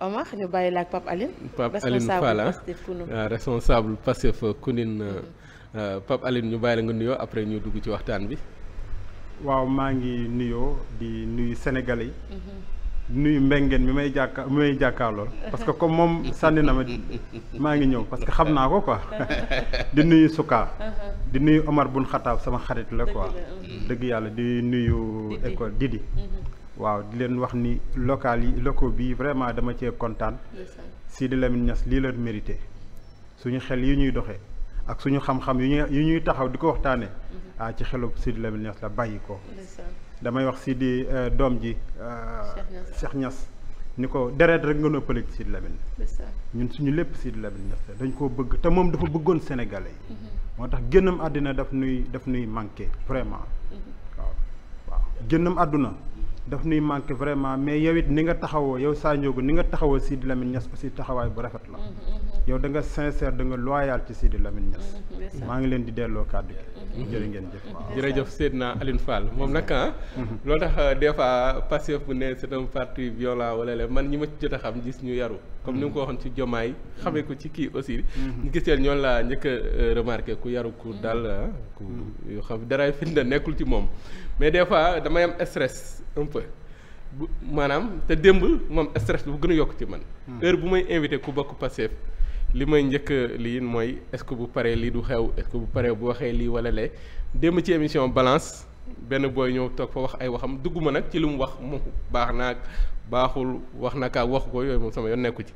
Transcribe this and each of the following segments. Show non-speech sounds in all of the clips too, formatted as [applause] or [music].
Omar ñu bàyyi la ak Pape Aline. Pape Aline Fall ah. ah, responsable Pastef Koundine euh, mm-hmm. euh, ñu bàyyi la nga nuyoo après ñu dugg ci waxtaan bi. waaw maa ngi nuyoo di nuyu sénégalais yi. Mm-hmm. nuyu mbengeen mi may jàkka mi may jàkkaarlool parce que comme moom sànni na ma maa ngi ñëw parce que xam naa ko ko [laughs] di nuyu Souka mm-hmm. di nuyu Omar bun Xataab sama xarit la ko dëgg yàlla di nuyu école Didi waaw di leen wax ni local yi loko bii vraiment dama cee kontaan Sidi Lamine ñas lii la mérité suñu xel yi ñuy doxee ak suñu xam-xam yu ñuy yu ñuy taxaw di ko waxtaanee mhm. ah ci xelu Sidi Lamine Niass la bàyyi ko damay wax Sidi euh, doom ji euh, Cheikh ñas ni ko deret rek nga noppaleeg Sidi Lamine ñun suñu lépp Sidi Lamine Niass dañ koo bëgg te moom dafa bëggoon sénégale yi mhm. moo tax génnam àddina daf nuy daf nuy manqué vraiment mhm. waaw waaw génnam àdduna daf nuy manqué vraiment mais yow it ni nga taxawoo yow Sa Ndiogou ni nga taxawoo Sidi Lamine Niass aussi taxawaay bu rafet la mm-hmm, mm-hmm. yow da nga sincère da nga loyal ci Sidi Lamine Niass mm-hmm, maa ngi leen di delloo kàddu gi jërë ngeen jëf na Seydina Alioune Fall moom nag ah. Mhm. loolu tax euh, des fois Pastef bu ne c'est un parti violent wala la man ñi ma jot a xam gis ñu yaru comme ni nga ko waxoon ci jomaay xamee ko ci kii aussi. ñu mhm. gis leen ñoom laa njëkk a euh, remarqué ku yaru ku dal mhm. ah, ku yoo xam dara firnde nekkul ci moom mais des fois damay am stress un peu. bu maanaam te démb moom stress bu gën a yokk ci man. heure bu may invité ku bokk Pastef li may njëkk lii mooy est-ce bu paree lii du xew est-ce que bu paree bu waxee lii wala lee démb ci émission balance benn booy ñëw toog fa wax ay waxam dugguma nag ci lu mu wax mu baax naag baaxul wax na kaa wax ko yooyu moom sama yoon nekku ci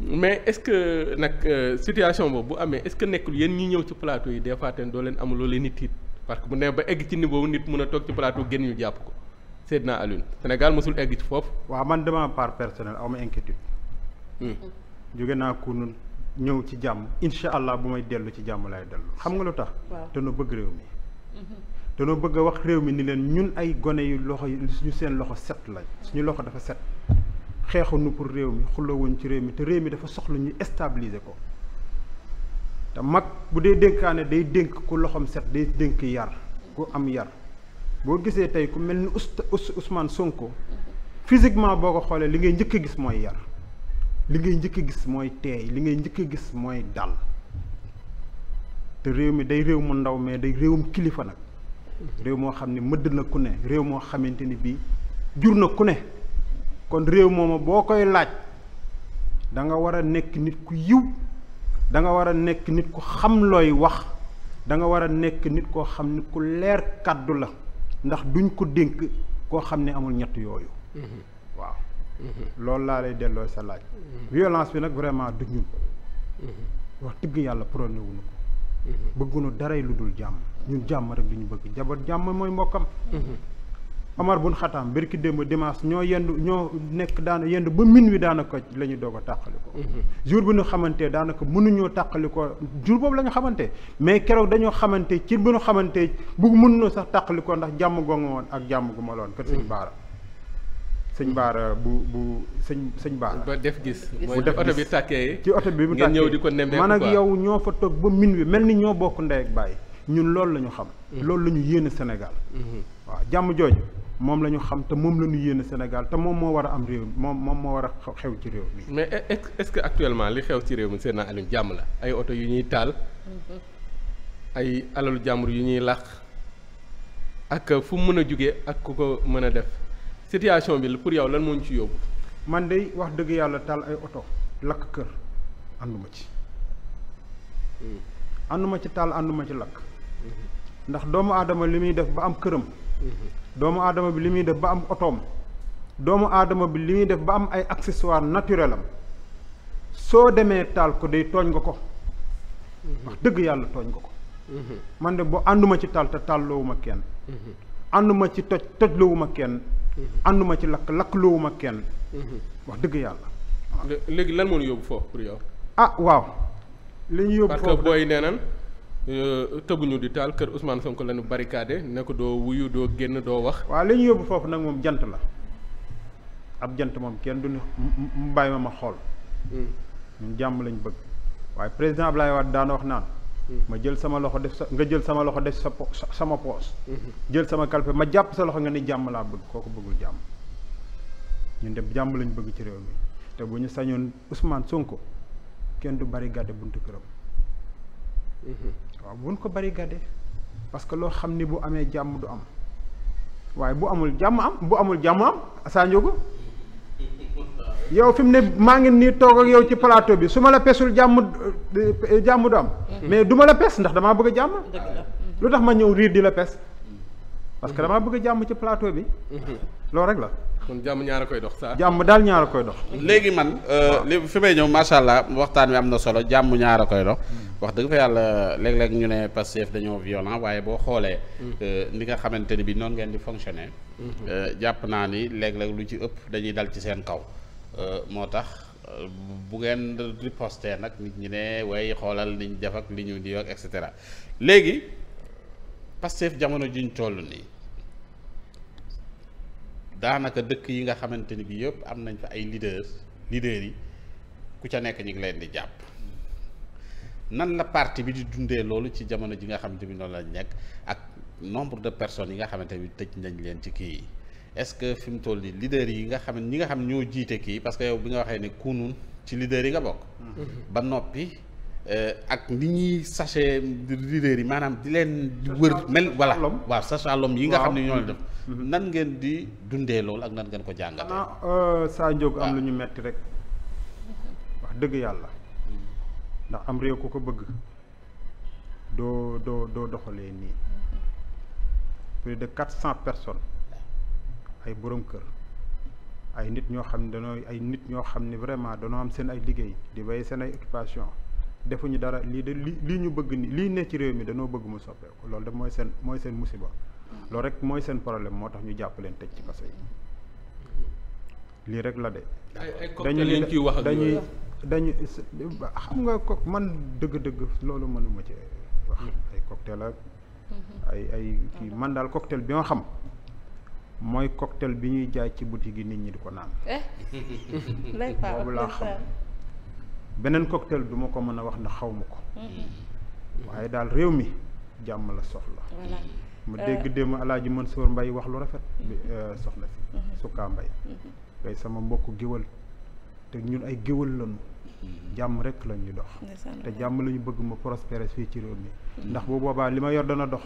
mais est-ce que nag euh, situation boobu amee est-ce que nekkul yéen ñi ñëw ci plateau yi des fois te doo leen am loo nit tiit parce que bu ne ba egg ci niveau nit mun a toog ci plateau génn ñu jàpp ko Seydina Alioune Sénégal mosul egg ci foofu. waa man de ma part personnelle aw ma jóge naa ko kunun ñëw ci jàmm incha allah bu may dellu ci jàmm laay dellu xam nga lu tax danoo bëgg réew mi danoo mm-hmm. bëgg a wax réew mi ni leen ñun ay gone yu loxo suñu seen loxo set lañ suñu loxo dafa set xeexuñu pour réew mi xulawuñ ci réew mi te réew mi dafa soxla ñu stabiliser ko te mag bu dee dénkaane day dénk ku loxom set day dénk yar ku am yar boo gisee tey ku mel ni Ousmane Sonko mm-hmm. physiquement boo ko xoolee li ngay njëkk a gis mooy yar li ngay njëkk a gis mooy teey li ngay njëkk a gis mooy dal te réew mi day réew mu ndaw mais day réewum kilifa nag réew moo xam ne mëdd na ku ne réew moo xamante ni bii jur na ku ne kon réew mooma boo koy laaj danga war a nekk nit ku yiw danga war a nekk nit ku xam looy wax danga war a nekk nit koo xam ne ku leer kàddu la ndax duñ ko dénk koo xam ne amul ñett yooyu mm-hmm. loolu laa lay delloo sa laaj. violence bi nag vraiment du ñun. wax dëgg yàlla prôné wuñu ko. bëgguñu daray lu dul jàmm ñun jàmm rek li ñu bëgg jabar jàmm mooy mbokkam. Omar bun Xataam bërki démb dimanche ñoo yendu ñoo nekk daana yendu ba min wi daanaka la ñu doog a jour bi ñu xamante daanaka mënuñoo tàqalikoo jour boobu la ñu xamante mais keroog dañoo xamante ci bu ñu xamante bugg mënuñoo sax tàqalikoo ndax jàmm gonga woon ak jàmm gu loon kër sëñ baara sëñ Baara bu bu sëñ sëñ Baara. ba def gis. mooy def oto bi tàkkee ci oto bi mu tàkkee ngeen ñëw di ko nemmeeku man ak yow ñoo fa toog ba min wi mel ni ñoo bokk ndey ak bàyyi ñun loolu la ñu xam. Mm-hmm. loolu la ñu yéene Sénégal. Mm-hmm. waaw jàmm jooju moom la ñu xam te moom la ñu yéene Sénégal te moom moo war a am réew moom moom moo war a xew ci réew mi. mais est-ce que actuellement li xew ci réew mi seen Aliou jàmm la ay oto yu ñuy taal. Mm-hmm. ay alalu jàmbur yu ñuy làq. ak fu mën a jóge ak ku ko mën a def. situation bi pour yow lan moo ñu ci yóbbu. man de wax dëgg yàlla taal ay oto lakk kër ànduma ci. Hmm. ànduma ci taal ànduma ci lakk. Hmm. ndax doomu aadama li muy def ba am këram. Hmm. doomu aadama bi li muy def ba am otoom. doomu aadama bi li muy def ba am ay accessoire naturel am soo demee taal ko day tooñ nga ko. wax dëgg yàlla tooñ nga ko. man de boo ànduma ci taal te taal loowuma kenn. ànduma ci toj toj loowuma kenn. ànduma ci lakk lakk ma kenn mm-hmm. wax dëgg yàlla léegi lan moo yóbbu foofu pour yow ah waaw li ñu yóbbu foofu parce que booy nee nan euh, tëbuñu di taal kër Ousmane Sonko lañu barricade ne ko doo wuyu doo génn doo wax waaw li ñu yóbbu foofu nag moom jant la ab jant moom kenn du mu bàyyi ma ma xool mm. ñun jàmm lañ bëgg waaye président laay Wade daana wax naan ma jël sama loxo def sa nga jël sama loxo def sa po sama poos jël sama kalpe ma jàpp sa loxo nga ni jàmm laa bëgg ko bëggul jàmm ñun dem jàmm lañ bëgg ci réew mi te bu ñu sañoon Ousmane Sonko kenn du bari gàdde bunt këram waaw buñ ko bari gàdde parce que loo xam ni bu amee jàmm du am waaye bu amul jàmm am bu amul jàmm am saa njógu yow fi mu ne maa ngi nii toog ak yow ci plateau bi su ma la pesul jàmm eh, jàmm du am. mais du la pes ndax damaa bëgg a jàmm. lu tax ma ñëw riir di la pes. parce que damaa bëgg a jàmm ci plateau bi. [laughs] loolu rek la. kon jàmm ñaara koy dox saa. jàmm daal ñaar koy dox. léegi man euh, li fi may ñëw macha allah waxtaan wi am na solo jàmm ñaara koy dox. Hmm. wax dëgg fa yàlla léeg-léeg ñu ne Pastef dañoo violent waaye boo xoolee. Hmm. Euh, ni nga xamante ni bi noon ngeen di fonctionner. Hmm. Euh, jàpp naa ni léeg-léeg lu ci ëpp dañuy dal ci seen kaw. Euh, moo tax euh, bu ngeen riposté nag nit ñi ne way xoolal liñ def ak li ñu di ak et cetera léegi Pastef jamono juñ toll nii daanaka dëkk yi nga xamante ni bi yëpp am nañ fa ay leaders leaders yi ku ca nekk ñu ngi leen di jàpp nan la parti bi di dundee loolu ci jamono ji nga xamante bi noonu lañ nekk ak nombre de personnes yi nga xamante bi tëj nañ leen ci kii yi est-ce que fi mu toll nii leader yi nga xam ñi nga xam ñoo jiite kii parce que yow bi nga waxee ne kunun ci leader yi nga bokk. Mhm. ba noppi eh, ak ni ñuy sachet leader yi maanaam di leen. wër mel voilà waaw sachalom yi nga xam ne ñoo def. Mhm. nan ngeen di dundee lool ak nan ngeen ko jàngatee. ah euh, saa njóog am lu ñu metti rek wax dëgg yàlla ndax am réew ku ko bëgg doo doo doxalee nii. plus de quatre cent personnes. ay boroom kër ay nit ñoo xam ne dañoo ay nit ñoo xam ne vraiment dañoo am seen ay liggéey di béy seen ay occupation defuñu dara lii de li lii ñu bëgg ni lii nekk ci réew mi dañoo bëgg mu soppeeku loolu de mooy seen mooy seen musiba loolu rek mooy seen problème moo tax ñu jàpp leen tëj ci kaso yi lii rek la de. dañu leen ciy wax dañuy dañuy xam nga ko man dëgg-dëgg loolu mënuma ci wax mm. ay cocktail ak mm-hmm. ay ay kii mm-hmm. man daal cocktail bi ma xam mooy cocktail bi ñuy jaay ci boutique yi nit ñi du ko naan. Eh? boobu laa xam beneen cocktail du ma ko mën a wax ndax xaw ma ko. waaye daal réew mi jàmm la soxla. mu euh, dégg démb alaaji soo Mbay wax lu rafet bi euh, soxna si mbay sama mbokk géwal te ñun ay géwal lañu jàmm rek la ñuy dox te jàmm la ñu bëgg mu prospérer fii ci réew mi ndax bu boobaa li ma yor dana dox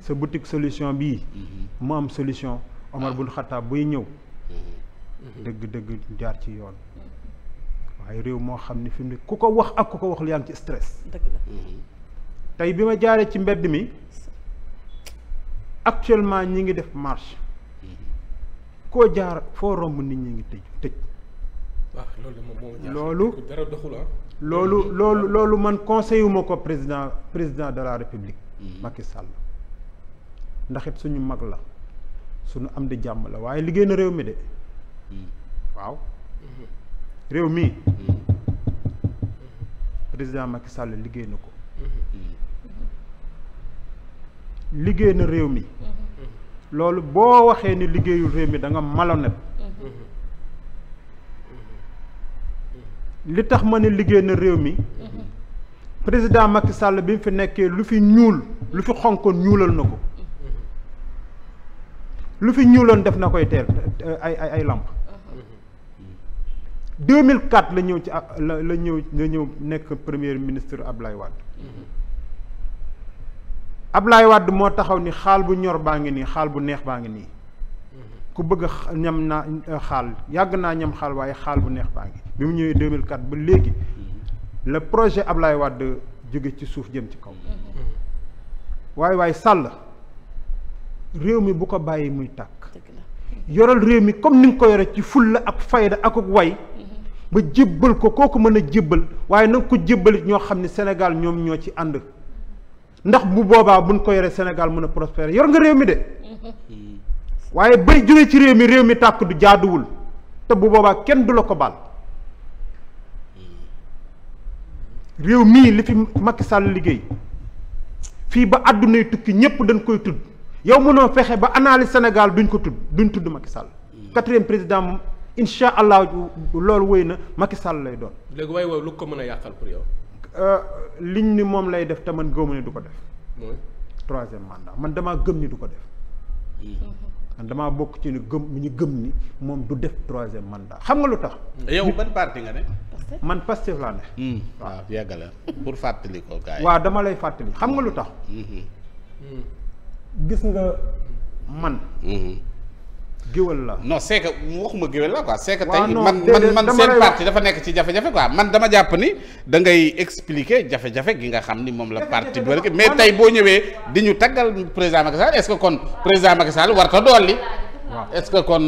sa boutique solution bii mu am solution Omar bun Xattaab buy ñëw mm-hmm. dëgg dëgg jaar ci yoon waaye réew moo xam ne fi mu ku ko wax ak ku ko wax lu yaa ngi ci stress mm-hmm. tey bi ma jaaree ci mbedd mi actuellement ñi ngi def marche mm-hmm. koo jaar foo romb nit ñi ngi tëj tëj ah, loolu loolu ah. loolu loolu man conseil wu ko président président de la république Macky Sall ndaxit suñu mag la suñu am di jàmm la waaye liggéey na réew mi de waaw réew mi président Macky sàll liggéey na ko liggéey na réew mi loolu boo waxee ni liggéeyul réew mi da nga malhonnête li tax ma ne liggéey na réew mi président Macky sàll bi mu fi nekkee lu fi ñuul lu fi xonkoon ñuulal na ko lu fi ñuuloon def na koy teel ay ay ay làmp 2004 la ñëw ci la la ñëw la ñëw nekk premier ministre Ablaye ab Ablaye Wade moo taxaw ni xaal bu ñor baa ngi nii xaal bu neex baa ngi nii ku bëgg ñam naa xaal yàgg naa ñam xaal waaye xaal bu neex baa ngi bi mu ñëwee 2004 ba léegi le projet Ablaye Wade jóge ci suuf jëm ci kaw waaye mm-hmm. waaye Sall réew mi bu ko bàyyi muy tàkk yoral réew mi comme ni nga ko yore ci fulla ak fayda ak way mm-hmm. ba jébbal ko kooku mën a jébbal waaye nanga ko jébbalit ñoo xam ne Sénégal ñoom ñoo ci ànd ndax bu boobaa buñ ko yore Sénégal mën a prospérer yor nga réew mi de mm-hmm. waaye bay jóge ci réew mi réew mi tàkk du jaaduwul te bu boobaa kenn du la ko bal mm-hmm. réew mii li fi Macky Sall liggéey fii ba àdduna tukki ñépp dañ koy tudd yow mënoo fexe ba analyse Sénégal duñ ko tudd duñ tudd Macky Sall. quatrième président incha allah loolu wéy na Macky Sall lay doon. léegi waaye waaye lu ko mën a yàqal pour yow. Euh, liñ ni moom lay def te man gëmu ni du ko def. troisième mandat man damaa gëm ni du ko def. Mm-hmm. man damaa bokk ci ñu gëm ñu gëm ni moom du def troisième mandat xam nga lu tax. yow ban parti nga ne. man Pastef laa ne. Mm. waaw yàgg la pour dama lay fàttali xam nga lu tax. Mm-hmm. Mm. gis nga man. Mm-hmm. géwal la non c'est que waxuma géwal la quoi c'est que tey man man man seen parti dafa nekk ci jafe-jafe quoi man dama jàpp ni dangay ngay expliquer jafe-jafe gi nga xam ni moom la parti bi mais tey boo ñëwee di ñu taggal président Macky Sall est-ce que kon président Macky Sall war ta dolli waaw est-ce que kon.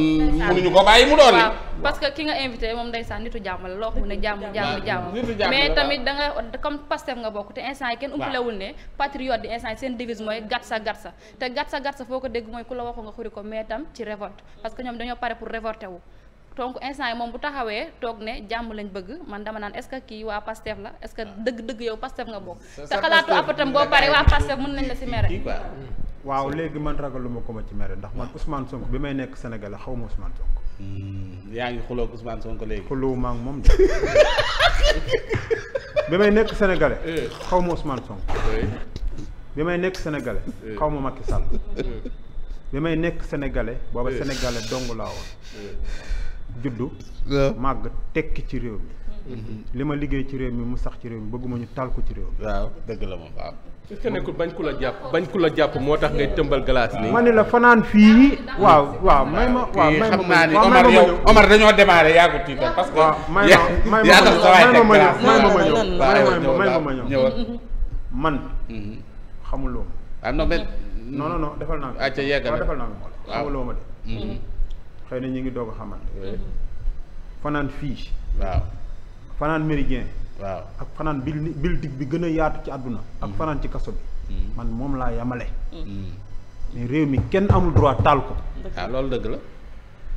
mënuñu ko bàyyi mu doon waaw parce que ki nga invité moom ndeysaan nitu jàmm la loo xam ne jàmm jàmm jàmm mais tamit da nga comme Pastef nga bokk te instant yi kenn umpalewul ne patriote di instant yi seen devise mooy gatsa gatsa te gatsa gatsa foo ko dégg mooy ku la waxu nga xuri ko mais tam ci révolte parce que ñoom dañoo pare pour révolter wu donc instant yi moom bu taxawee toog ne jàmm lañ bëgg man dama naan est-ce que kii waa Pastef la est que ah. dëgg-dëgg yow Pastef nga bokk. te xalaatu apatam boo pare waa Pastef nañ la si mere. waaw léegi man ragaluma ko ma ci mere ndax man Ousmane ah. Sonko bi may nekk Sénégal xaw ma Ousmane Sonko. yaa ngi xuloo Ousmane Sonko léegi. maa ngi moom de. bi may nekk sénégalais. xaw ma Ousmane Sonko. bi may nekk sénégalais. xaw hmm, ma [laughs] eh. eh. Macky eh. bi may nekk sénégalais. booba sénégalais dong laa woon. juddu. màgg tekki ci réew mi. Mhm. li ma liggéey ci réew mi mu sax ci réew mi bëgguma ñu taal ko ci réew mi. waaw la moom waaw. bañ ku la jàpp bañ ku la jàpp moo tax ngay tëmbal glace nii. ma ne la fanaan fii. waaw waaw waaw may ma naa ni dañoo démarré yaa ko parce que. waaw may ma may ma ma ñëw may ma ma ñëw man. Mhm. xamuloo ma. ah non mais. defal naa ko. ah ca defal naa ko xamuloo ma de. Mhm. xëy na ñu ngi doog a mm-hmm. fanaan fii. waaw fanaan méridien. ak fanaan bil building bi gën a yaatu ci àdduna. ak mm-hmm. fanaan ci kaso bi. Mm-hmm. man moom laa yamale. mais réew mi kenn amul droit taal ko. ah loolu dëgg la.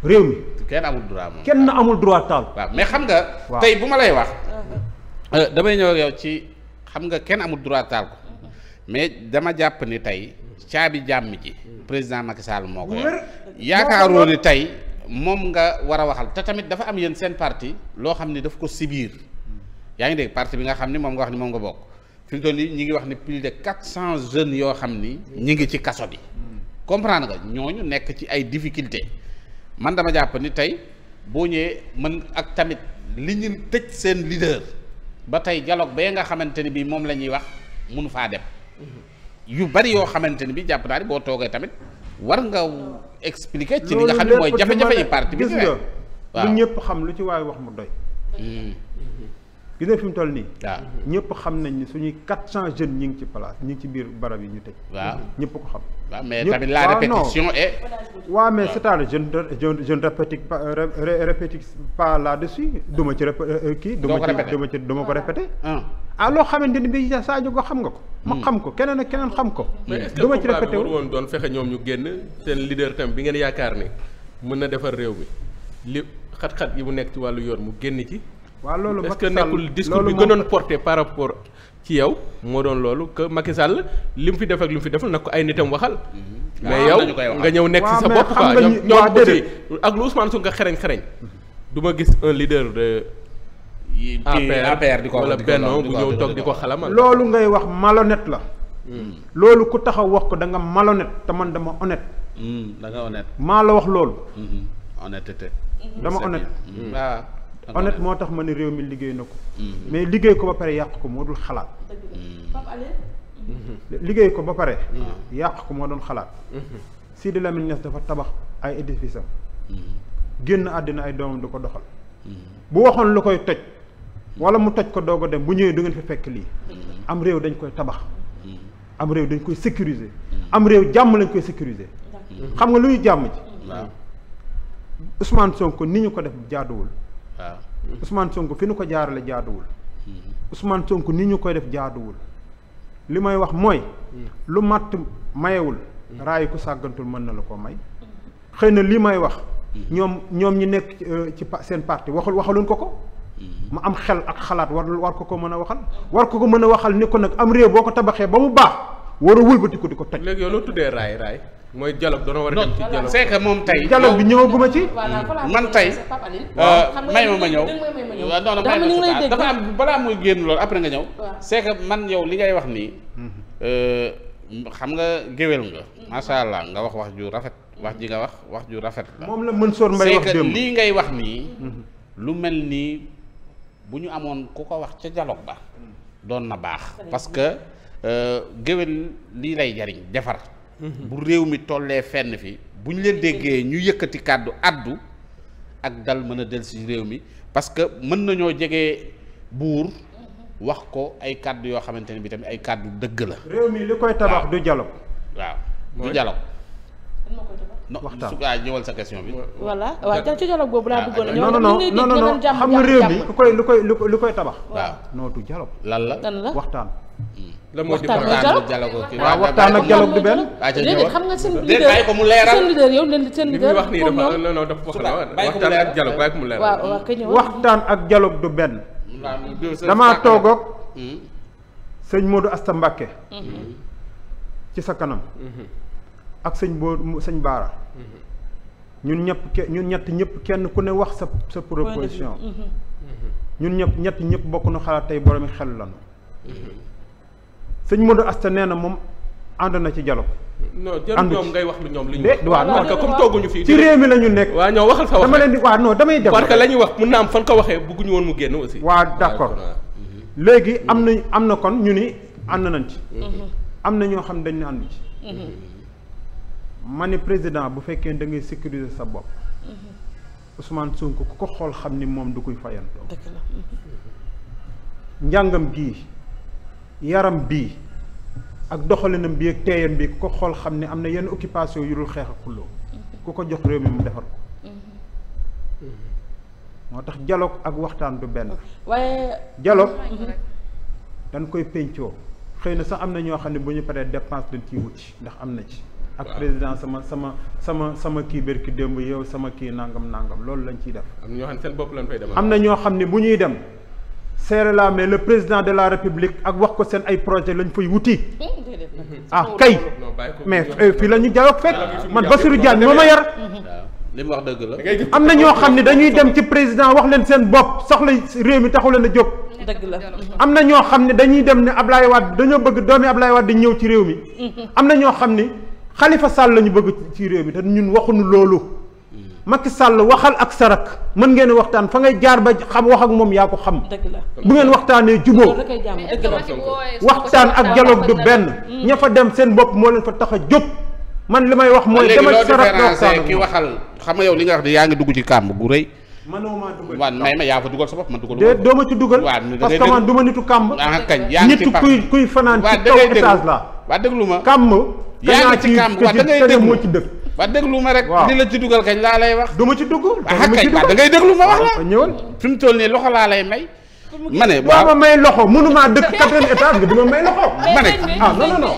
réew mi kenn amul droit moom kenn ah. amul droit taal. waaw mais xam nga. tey bu ma lay wax. Euh, damay ñëw yow ci xam nga kenn amul droit taal ko. mais dama jàpp ni tey caabi jàmm ji président Macky Sall moo ko yaakaaroo ni tey moom nga war a waxal te tamit dafa am yéen seen parti loo xam ni daf ko sibiir yaa ngi dégg parti bi nga xam ni moom nga wax ni moom nga bokk fi mu toll ñi ngi wax ni plus de quatre cent jeunes yoo xam ni ñi ngi ci kaso bi comprendre nga ñooñu nekk ci ay difficulté man dama jàpp ni tey boo ñëwee mën ak tamit li ñu tëj seen leader ba tey jaloog bee nga xamante ni bii moom la ñuy wax mënu faa dem yu bari yoo xamante ni bi jàpp naa ni boo toogee tamit war nga expliquer ci li nga xam ne mooy jafe-jafe yi parti bi gis nga lu ñëpp xam lu ci waay wax mu doy hmm. gis nga fi mu toll nii. waaw ñëpp xam nañ ni suñuy quatre cent jeunes ñi ngi ci place ñi ngi ci biir barab yi ñu tëj. waaw ñëpp ko xam. waaw mais tamit la répétition est. waaw mais c'est à dire je ne je ne répétique pas répétique pas là-dessus duma ci répé euh, euh, kii. duma ci duma ci duma ko répété. Ah. ah loo xamante ni bii Sadio ko xam nga ko. ma hmm. xam ko keneen ak keneen xam ko. duma ci répété mais est-ce que woon doon fexe ñoom ñu génn seen leader tam bi ngeen yaakaar ne mën na defar réew mi li xat-xat yi mu nekk ci wàllu yoon mu génn ci waaw loolu Macky Sall est-ce que nekkul porter bi gënoon porté par rapport ci yow moo doon loolu que Macky Sall li mu fi def ak li mu fi deful nag ko ay nitam waxal. Mm-hmm. mais ah, yow nga ñëw nekk ci sa bopp quoi ñoom ñoom aussi ak lu Ousmane nga xereñ xereñ mm-hmm. du ma gis un leader de. APR di ko wala Benno bu ñëw toog di ko xalamal. loolu ngay wax malonet la. Mm. loolu ku taxaw wax ko da nga malhonnête te man dama honnête. Mm, maa la wax loolu. Mm-hmm. honnêteté. dama honnête. honnête moo tax ma ne réew mi liggéey na ko. Mhm. mais liggéey ko ba pare yàq ko moo dul xalaat. Mhm. Mhm. liggéey ko ba pare. yàq ko moo doon xalaat. si Sidi Lamine Niass dafa tabax ay édifices génn àddina ay doomam du ko doxal. bu waxoon lu koy toj. wala mu toj ko doog a dem bu ñëwee du ngeen fi fekk lii. am réew dañ koy tabax. am réew dañ koy sécuriser. am réew jàmm lañ koy sécuriser. xam nga luy jàmm ci. Ousmane Sonko ni ñu ko def jaaduwul. waaw Ousmane Sonko fi nu ko jaarale jaaduwul. Ousmane Sonko ni ñu koy def jaaduwul. li may wax mooy. lu màtt mayewul. raayu ku sàggantul mën na la ko may. xëy na li may wax. ñoom ñoom ñi nekk euh, ci seen parti waxul waxaluñ ko ko. mu am xel ak xalaat war war ko ko mën a waxal. war ko ko mën a waxal ni ko nag am réew boo ko tabaxee ba mu baax war a wëlbati ko di ko toj. léegi yow tuddee raay mooy dialogue doona war a dem ci dialogue c'est que moom tey. dialogue bi ñëwaguma ci. Hmm. man tey. Euh, may ma ma ñëw. waaw non non may ma dafa am balaa muy génn loolu après nga ñëw. c'est man yow li ngay wax nii. Euh, xam nga géwél nga. Hmm. macha allah nga wax wax ju rafet. wax ji nga wax wax ju rafet la. moom la Mansour Mbaye wax démb ngay wax nii. Hmm. lu mel nii bu ñu amoon ku ko wax ca dialogue ba. doon na baax. parce que euh, géwél lii lay jariñ defar. Mhm. bu réew mi tollee fenn fi bu ñu leen déggee ñu yëkkati kàddu addu ak dal mën a del si réew mi parce que mën nañoo jege buur wax ko ay kàddu yoo xamante ne bi tamit ay kàddu dëgg la. réew mi li koy tabax du dialogue. waaw du dialogue. waxtaan su gaa ah, ñëwal sa question bi. voilà waaw ci dialogue boobu laa ah, bëggoon ah, non non non xam nga réew mi lu koy lu koy lu koy tabax. waaw non du dialogue. lan la lan la waxtaan. Mm. la moo di waxtaan dialogue kii waaw ah, waxtaan ak dialogue du benn. Ah, déedéet xam nga seen mu leeral seen leader seen leader. wax nii waxtaan ak dialogue bàyyi ko mu leeral. waxtaan ak dialogue du benn. damaa toog sëñ Modou Asta Mbacké mm-hmm. ci sa kanam. Mm-hmm. ak sëñ Bo sëñ Baara. Mm-hmm. ñun ñëpp ñun ñett ñëpp kenn ku ne wax sa sa proposition. ñun ñëpp ñett ñëpp bokk na xalaat tey boromi xel lanu sëñ Modou Asta nee na moom ànd na ci dialogue. non jarul ñoom ngay wax lu ñoom li ñu wax. waaw parce que comme tooguñu fii. ci réew mi la ñu nekk. waaw ñoo waxal sa wax dama leen di waaw non damay def. parce que la wax mu na am fan ko waxee bëgguñu woon mu génn aussi. waaw d'accord mhm. léegi am nañ mhm. am na kon ñu ni ànd nañ ci. Mhm. am na ñoo xam ne dañ ne ànd ci. ma ne président bu fekkee da ngay sécuriser sa bopp. Ousmane Sonko ku ko xool xam ni moom du koy fayantoo. njàngam gii. yaram bii ak doxalinam bi ak teeyam bi ku ko xool xam ne am na yenn occupation yu dul xeex a xulloo ku ko jox réew mi mu defar ko moo tax dialogue ak waxtaan bu benn waaye dialogue dañ koy péncoo xëy na sax am na ñoo xam ne bu ñu paree dépense dañ ciy ndax am na ci ak président sama sama sama sama kii bërki démb yow sama kii nangam nangam loolu lañ ciy def am na xam ne seen lañ fay dem am na ñoo xam ne bu ñuy dem seere la mais le président de la république ak wax ko seen ay projet lañ fay wuti ah kay mais euh, fii la ñu jawok fekk man Bassirou Diagne moo ma yar li mu wax dëgg la am na ñoo xam ne dañuy dem ci président wax leen seen bopp soxla réew mi taxu leen a jóg dëgg la am na ñoo xam ne dañuy dem ne Ablaye waat dañoo bëgg doomi Ablaye waat di ñëw ci réew mi mhm. am na ñoo xam ne xalifa Sall la ñu bëgg ci réew mi te ñun waxuñu loolu Macky Sall waxal ak sa mën ngeen waxtaan fa ngay jaar ba xam wax ak moom yaa ko xam. bu ngeen waxtaanee jubóo. waxtaan ak dialogue du benn. ña dem seen bopp moo leen fa tax a jóg. man li may wax mooy demal sa rak waxtaan ki waxal xam nga yow li nga wax de yaa ngi dugg ci kàmb gu rëy. mënoo maa dugal yaa fa dugal sa bopp man dugal ma. doo ma ci dugal parce que man du ma nitu kàmb. Ah, nitu kuy kuy fanaan ci kaw étage la. waa déglu ma kàmb. yaa ci kàmb waa da ngay déglu ba déglu ma rek. waaw li la ci dugal kañ laa lay wax. du ma ci dugg ah, dama ci dugg da ngay déglu ma wax la. Ah, ñëwal fi mu toll nii loxo laa lay may. ma ne waaw ma may loxo mënuma dëkk [laughs] quatrième étage nga dima may loxo. ma ne ah non non non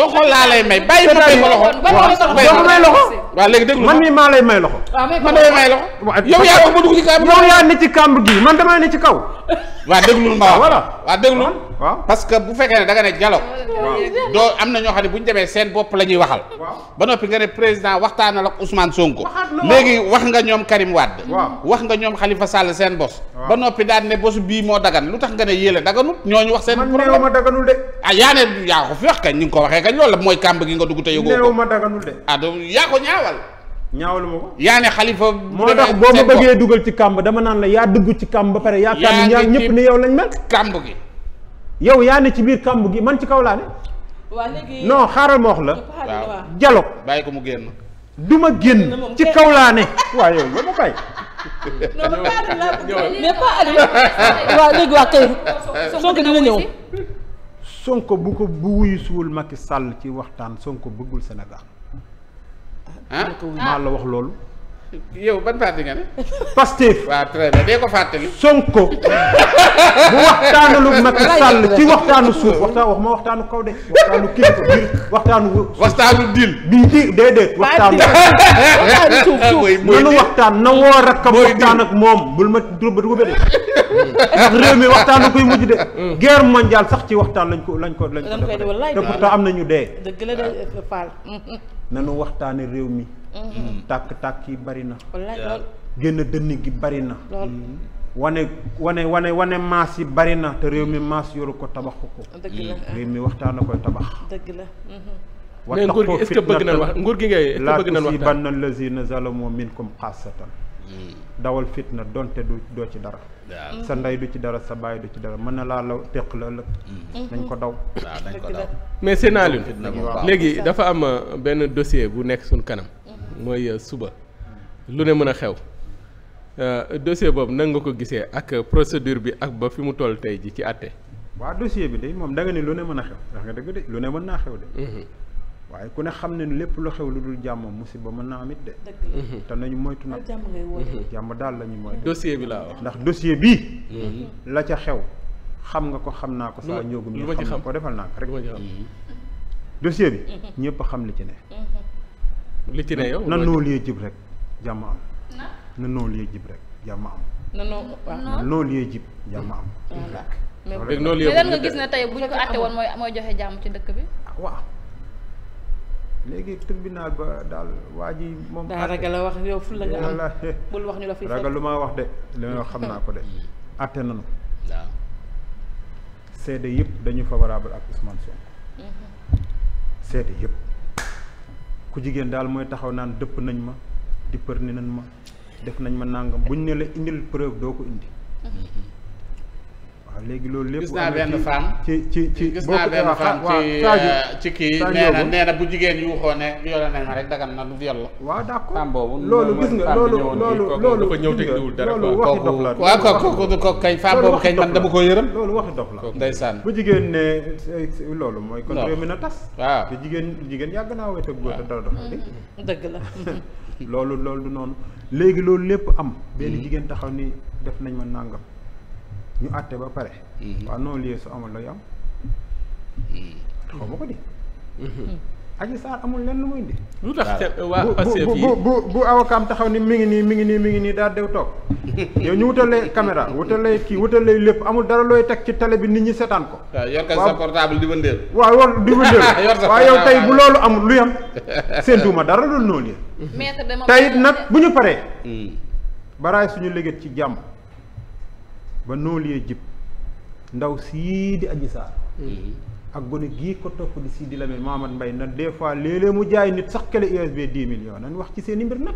loxo laa lay may bàyyi ma may ko loxo. waaw may loxo. waaw léegi déglu ma man mii maa lay may loxo. waaw ah, mais man may la ko. yow yaa wax ma dugg ci kàmb. yow yaa ne ci kàmb gi man damaa ne ci kaw. waa déglul ma wax ah, waa déglul. Ah, waaw parce que bu fekkee ne da nga ne dialogue. doo am na ñoo xam ne bu ñu demee seen bopp la ñuy waxal. ba noppi nga ne président waxtaanal ak Ousmane Sonko. léegi wax nga ñoom Karim Wade. wax nga ñoom Khalifa Sall seen bos. ba noppi daan ne bos bii moo dagan lu tax nga ne yéele daganut ñooñu wax seen. problème man néew ma daganul de. ah yaa ne yaa ko fi wax kañ ñu ngi ko waxee kañ loolu la mooy kàmb gi nga dugg te yëgoo ñaawlu ma ko. yaa ne xalifa. moo tax boo ma bëggee dugal ci kàmb dama naan la yaa dugg ci kàmb ba pare. yaa kàmb ñaar ñëpp ni yow lañ mel. kàmb gi. yow yaa ne ci biir kàmb gi man ci kaw laa ne. waa xaaral ma wax la. jalo bàyyi ko mu génn. ma génn ci kaw laa ne. waaw yow yow ma bàyyi. non man Aliou dina ñëw. Sonko bu ko bu wuyu suwul ci waxtaan Sonko bëggul Sénégal ah maa la wax loolu. yow ban parti nga ne. Pastef. waaw très bien dee ko fàttali. Sonko. [laughs] bu waxtaanalu Macky Sall ci waxtaanu suuf waxtaan wax ma waxtaanu kaw de waxtaanu kilifa biir waxtaanu. waxtaanu dil. bii di déedéet waxtaanu. waxtaanu suuf suuf nanu waxtaan na woo rakkam waxtaan ak moom bul ma dugg dugg de. ndax réew mi waxtaanu koy mujj de. guerre mondiale sax ci waxtaan lañ ko lañ ko lañ ko. te pourtant am na ñu dee. dëgg la de Fall. nanu waxtaane réew mi mhm. tàkk-tàkk yi bari na génn dënn gi bari na mhm. wane wane wane wane maas yi bari na te réew mi mhm. maas yoru ko tabaxu ko réew mi waxtaana koy tabax dëgg la mais nguur gi est-ce que bëgg nañ wax nguur gi ngay est-ce que bëgg nañ wax laa tusiibanna lazina zalamu minkum xaasatan mm. dawal fitna donte du doo ci dara sa ndey du ci dara sa baay du ci dara mën na laa la teq la ëllëg dañ mhm. ko daw dañ ko daw mais seen Alioune léegi dafa am euh, benn dossier bu nekk suñ kanam mhm. mooy euh, suba lu ne mën a xew euh, dossier boobu nan nga ko gisee ak procédure bi ak ba fi mu toll tey ji ci àtte waa dossier bi de moom da nga ni lu ne mën a xew ndax nga dëgg de lu ne mën naa xew de mhm. waaye ku ne xam ne lépp lu xew lu dul jàmm ba mën naa am it de. Mhm. te nañu moytu nag mhm. jàmm daal la ñu moytu. dossier bi laa wax ndax dossier bi mhm. la ca xew xam nga ko xam naa ko. saa njóogu mi xam ko defal naa ko rek. dossier bi ñëpp xam li ci ne. li ci ne na noo liy jib rek jàmm am. na noo liy jib rek jàmm am. na noo waaw noo liy jib jàmm am. mais lan nga gis ne tey bu ñu ko àtte woon mooy mooy joxe jàmm ci dëkk bi ah, waaw. léegi tribunal ba daal waa ji moom. daa ragal la wax yow ful la nga am bul wax ñu la fi ragal lu ma wax de li may wax xam naa ko de. Hmm. atte nañu. waaw. seede yëpp dañu favorable ak Ousmane Sonko. Hmm. seede yëpp. ku jigéen daal mooy taxaw naan dëpp nañ ma dippar ni nañ ma def nañ ma nàngam buñ ne la indil preuve doo ko indi. Hmm. léegi loolu lépp gis naa benn femme ci ci ci gis naa benn femme ci euh, ci kii nee na bu jigéen yu waxoon ne violé nañ ma rek dagan na du viol la waaw d'accord femme boobu loolu gis nga loolu loolu loolu dafa ñëw teg niwul dara ko yërëm loolu waxi dof la ndeysaan bu jigéen loolu mooy kon réew mi na tas jigéen jigéen yàgg naa wéet ak góor te dara la [laughs] loolu loolu du noonu léegi loolu lépp am hmm. benn jigéen taxaw ni def nañ ma nàngam ñu àtte ba pare. Mhm. waaw non lieu su amul lay am. Mhm. xaw ma ko di. Mhm. Adji Sarr amul lenn muy indi. lu tax waa Pastef bu bu bu awakaam taxaw ni mi ngi nii mi ngi nii mi ngi nii daal dew toog [laughs] yow ñu wutalee caméra wutalee kii wutalee lépp amul dara looy teg ci télé bi nit ñi seetaan ko. waaw yor sa portable di wëndeel. waaw yor di wëndeel [laughs] waaw yow tey bu loolu amul lu yam [laughs] séentuwuma dara loolu noonu yëpp. tey nag bu ñu paree. Mm. baraay suñu léget ci jàmm. ba yee jib ndaw sii di aji saar mm-hmm. ak gone gii ko topp di Sidi Lamine Mohamed mbay na des fois léeg mu jaay nit sax kele USB 10 millions nañ wax ci seen mbir nag.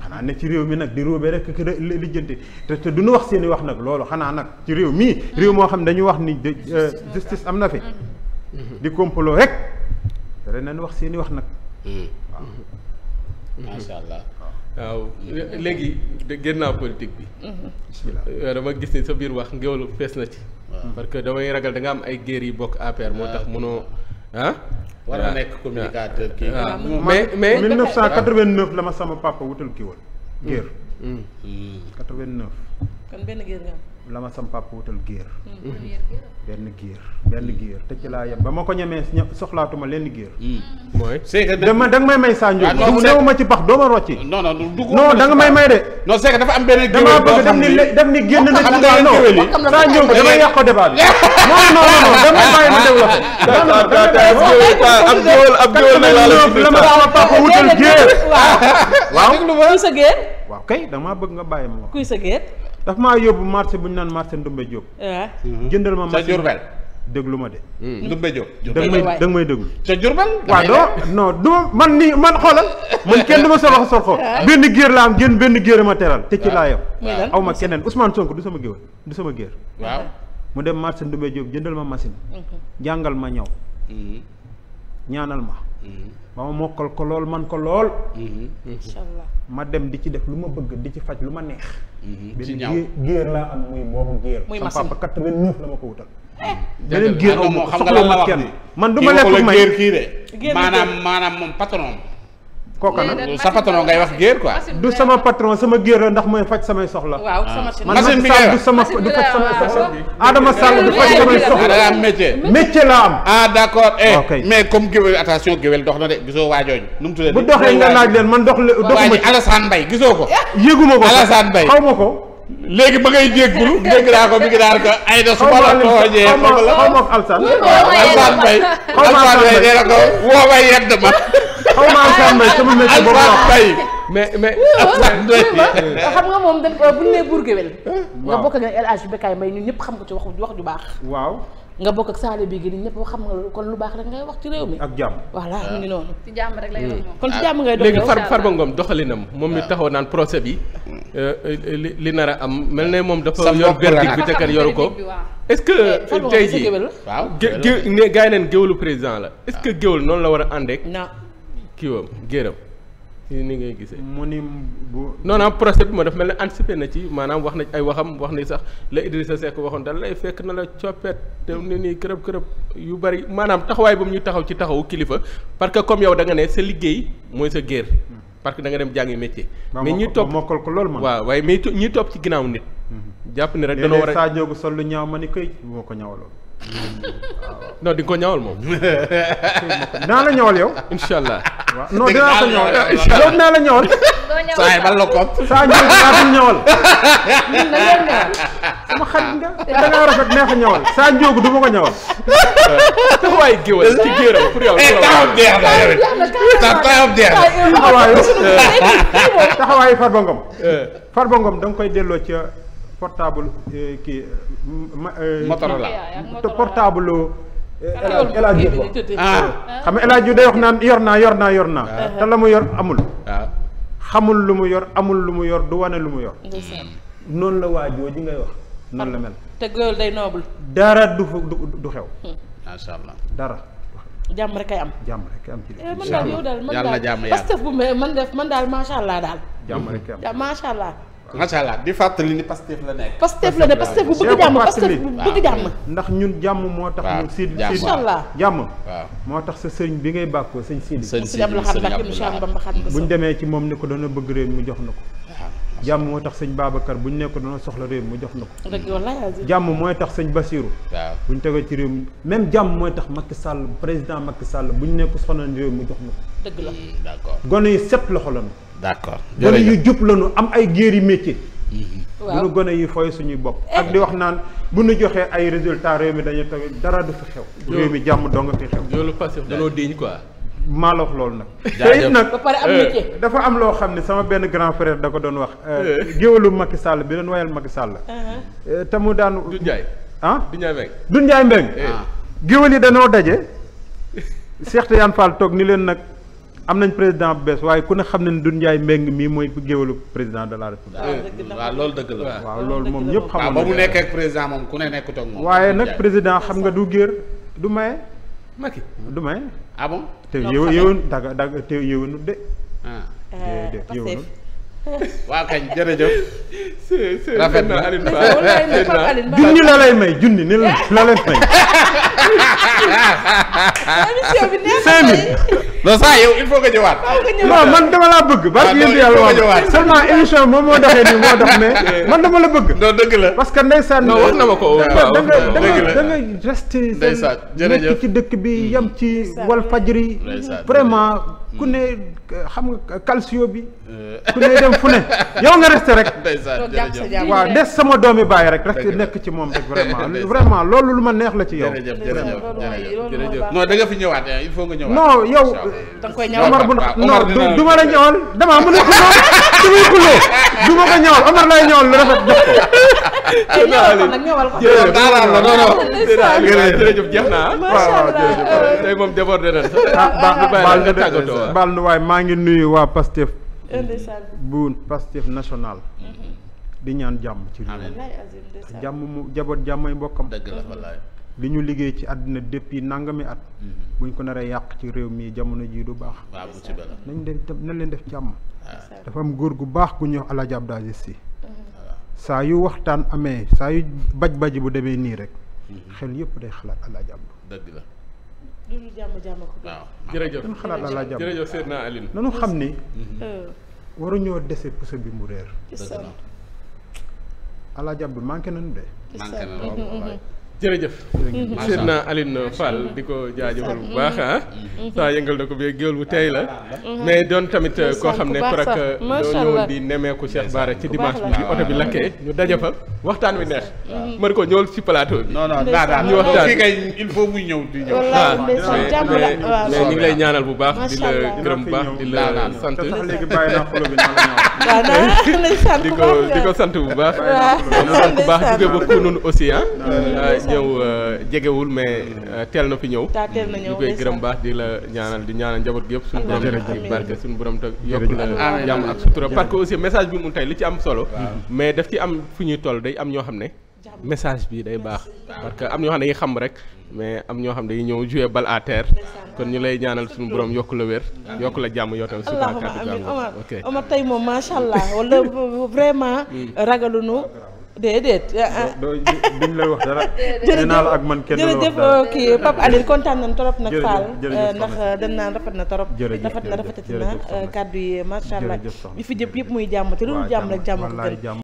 xanaa ne ci réew mi nag di roobee rek lijjante te te du ñu wax seen i wax nag loolu xanaa nag ci réew mii. Mm-hmm. réew moo xam dañu wax ni justice euh, am na fi. Mm-hmm. di complot rek. te ren nañ wax seeni wax nag. waaw. waaw léegi génn naa politique bi. bisimilah euh, dama gis ni sa biir wax ngéwlu fees na ci. parce que damay ragal danga am ay géer yi bokk APR moo tax mënoo ah. war a nekk communicateur kii. Ah. Ah, mais mais 1989 la ma sama papa wutal kii woon. géer. 89. kon benn la ma sam papa wutal géer benn géer mm. benn géer te ci laa yem ba ma ko ñemee soxlaatuma lenn géer mm. Mm. mooy c'est que dama da nga may may saa njóob du néew ma ci pax doo ma rocci non non non da nga may may de non c'est dafa am benn dama bëgg daf ni daf ni génn na ci non saa njóob damay yàq ko débat bi non non non damay [laughs] bàyyi ma développé ab géwél ab géwél la ma sama papa wutal géer [laughs] waaw kuy sa géer waaw kay dama bëgg nga bàyyi ma kuy sa géer daf maa yóbbu marché bu ñu naan marché Ndumbe Diop. Eh? Mhm. jëndal ma marché Diourbel. déglu ma de. Hmm. Hmm. Ndumbe Diop. Diourbel waay da nga may da nga may déglu. ca Diourbel. waaw non non du man nii man xoolal. man kenn du ma [laughs] solox soloxoo. Ah. benn géer la am jën benn géer ma teral te ci ah. aw ma keneen Ousmane Sonko du sama géwél du sama géer. waaw mu dem marché Ndumbe Diop jëndal ma machine. Mhm. jàngal ma ñaw. Hmm. ñaanal ma. Mhm. ba ma mokkal ko lool man ko lool. Mhm. incha allah ma dem di ci def lu ma bëgg di ci faj lu ma neex. Mhm. ci ñaaw benn géer laa am muy boobu géer. muy masin sama papa 89 la ma ko wutal. Eh. beneen géer aw ma soxla ma kenn man du ma lekk may maanaam maanaam moom patron kooka nag sa patron ngay wax géer quoi. du sama patron sama géer la ndax mooy faj samay soxla. waaw machine bi ngay du sama du faj samay du faj samay soxla. da nga am la am. ah d' accord eh mais comme géwél attention géwél dox na de gisoo waajooñu nu mu tuddee bu doxee nga laaj leen man dox doxuma ci Alassane Mbaye gisoo ko. yëguma ko Alassane Mbaye xaw ma ko. léegi ba ngay jéggulu dégg naa ko mi ngi daan ko ay da su ma la tooñee xaw na ko woo ma yedd ma xaw ma alsan bay sama métier boobu alsan bay mais xam nga moom dañ bu nee buur géwél nga bokk ak El ñëpp xam ko ci wax wax ju waaw nga bokk ak saale bi gën ñëpp xam nga kon lu baax rek ngay wax ci réew mi ak jàmm voilà ñu ngi noonu ci jàmm rek lay kon ci ah. jàmm ngay dox léegi far Farba Ngom doxalinam moom mi ah. taxaw naan procès bi Euh, li li nar a am mel ne moom dafa yor verdict bi te kat yoru ko est-ce que eh, euh, tey jii waaw ne gars yi neen géwlu président la est-ce que ah. géwlu noonu la war a ànd ak kiiwam géram si ni ngay gisee mu ni bu non non procès bi ma daf mel ne anticipé na ci maanaam wax na ay waxam wax ni sax la Idrissa Seck waxoon dal lay fekk na la coppet te ne nii kërëb kërëb yu bari maanaam taxawaay ba mu ñu taxaw ci taxawu kilifa parce que comme yow da nga ne sa liggéey mooy sa géer parce que da dem jàngi métier. mais ñi topp mokkal ko loolu man. waaw waaye mais ñi topp ci ginnaaw nit. Mhm. jàpp ne rek danoo war a léeg sol lu ñaaw ma ni koy moo ko ñaawaloon. non di ko ñawal moom. [laughs] naa la ñawal yow. incha allah. non dinaa ko ñawal loolu naa la ñawal. ko. ñawal. saa njóogu du ko ñawal. te waay taxawaayu Farba Ngom. Eh. Farba koy delloo ca portable eh, kii. Motorola te portable. El Hadj Diouf xam nga El day wax naan yor naa yor naa yor naa. Ah. te la mu yor amul. Ah. xamul lu mu yor amul lu mu yor du wane lu mu yor. Hmm. noonu la waa jooju ngay wax nan la mel. te loolu day noble. dara du du xew. Hmm. macha dara. jàmm rek kay am. jàmm rek kay am ci eh, man daal yow man daal parce def man daal macha allah daal. jàmm rek am macha allah. macha allah di fàttali ni Pastef la nekk. Pastef la bu bëgg jàmm ndax ñun jàmm moo tax. waaw jàmm waaw jàmm. waaw moo tax sa sëriñ bi ngay bàkkoo sëñ Sidi. sëñ Sidi bu ñu demee ci moom ni ko dana bëgg réew mu jox na ko. Ah, jàmm moo tax sëñ Babacar bu ñu nekk dana soxla réew mu jox na ko. jàmm mooy tax sëñ Basirou. waaw bu ñu tegee ci réew mi même jàmm mooy tax Macky sàll président Macky sàll bu ñu nekk soxla réew mu jox na ko. dëgg la hmm, d'accord gone yi set loxo la d'accord gone yu jub lañu am ay géeri métier waaw gone yi fooy suñuy bopp eh. ak di wax naan bu nu joxee ay résultats réew mi dañu toog dara du fi xew réew mi jàmm doo nga fi xew loolu passif danoo quoi maalox loolu nag te it nag eh. dafa am loo xam ne sama benn grand frère da ko doon wax eh. euh, géwalu Macky Sall bi doon wayal Macky Sall uh-huh. euh, te mu daan Dunjaay ah Dunjaay Mbeng Dunjaay Mbeng géwal yi danoo daje Cheikh Tidiane Fall toog ni leen nag am nañ président bu bees waaye ku ne xam ne Doudou Ndiaye Mbengue mii mooy géwélu président de la ah, waaw loolu dëgg waaw loolu moom ñëpp xam ah, mu nekk ak moom ku ne nekkut ak moom nag président xam nga du géer du maye Macky du maye ah bon te yow yow daga daga te yëwénu de rafet na Alioune Ba junni la lay may junni ni la lay may. [laughs] non saa yow il faut que ñëwaat. non man dama laa bëgg. barki ah, yëndu yàlla waaw moo doxee [laughs] man dama la bëgg. non dëgg la parce que ndeysaan. non wax na ma ko waaw da nga da da nga resté. ndeysaan jërëjëf nekk ci dëkk bi mm-hmm. yem ci wal fajri. vraiment. ku ne xam nga calcio bi eh. ku ne dem fu ne [laughs] yow nga resté rek waaw des sama doomi bàyyi rek resté nekk ci moom rek vraiment [laughs] vraiment loolu lu ma neex la ci yow non da nga fi ñëwaat il faut nga ñëwaat non yow Omar bu non du ma la ñawal damaa mën a xuloo du ma ko ñawal Omar lay ñawal lu rafet jox ko. na ah. macha na. [laughs] ah baal nga waaye maa ngi nuyu waa Pastef. bu Pastef national. Mm-hmm. di ñaan jàmm ci réew jàmm mu jaboot jàmmay mbokkam. dëgg li ñu liggéey ci àddina depuis nangami at. Mm-hmm. buñ ko naree yàq ci réew mii jamono jii du baax. nañ leen nañ leen def jàmm. dafa am góor gu baax gu ñuy wax El Hadj Abdou mm-hmm. saa yu waxtaan amee saa yu baj-baj bu demee nii rek. Mm-hmm. xel yëpp day xalaat El Hadj Abdou. dëgg la. loolu jàmm xalaat El Hadj xam ni. Euh. waruñoo bi mu réer. dëgg la El jërëjëf Seydina Aline Fall di ko jaajëfal bu baax ah mhm. saa yëngal na ko bee géwél bu tey la mais doon tamit koo xam ne prak doo uh, ñëwoon di nemmeeku Cheikh Bara ci dimanche bi bi oto bi lakkee ñu daje fa waxtaan wi neex mhm. mën ko ñëwal ci plateau bi non non ñu waxtaan fii kay muy ñëw di ñëw ah, mais ñu lay ñaanal bu baax di la gërëm bu baax di la sant léegi bàyyi naa xolo bi waaw naa di ko di ko sant bu baax. sant bu baax jóge ba Kounoune aussi ah. ñëw jegewul mais teel na fi ñëw. teel na ñëw koy gërëm baax di la ñaanal di ñaanal njaboot gi yëpp. suñu borom suñu borom te yokk la jàmm ak sutura parce aussi message bi mu tey lu ci am solo. mais daf ci am fu ñuy toll day am ñoo xam ne. message bi day baax parce que am ñoo xam ne dañuy xam rek. mais am ñoo xam ne dañuy ñëw jouer bal à kon ñu lay ñaanal suñu borom yokk la wér yokk la jàmm yoo tam allahuma amin Omar Omar tey moom macha allah wala vraiment hmm. ragalunu déedéet duñ lay wax dara dinaa la ak man kenn jërëjëf kii Pape Alil kontaan nañ trop nag Fall eh, ndax eh, dañ naan rafet na trop rafet na rafetati na eh, kàddu yi macha allah li fi jëpp yëpp muy jàmm te lu dul jàmm rek jàmm ko gën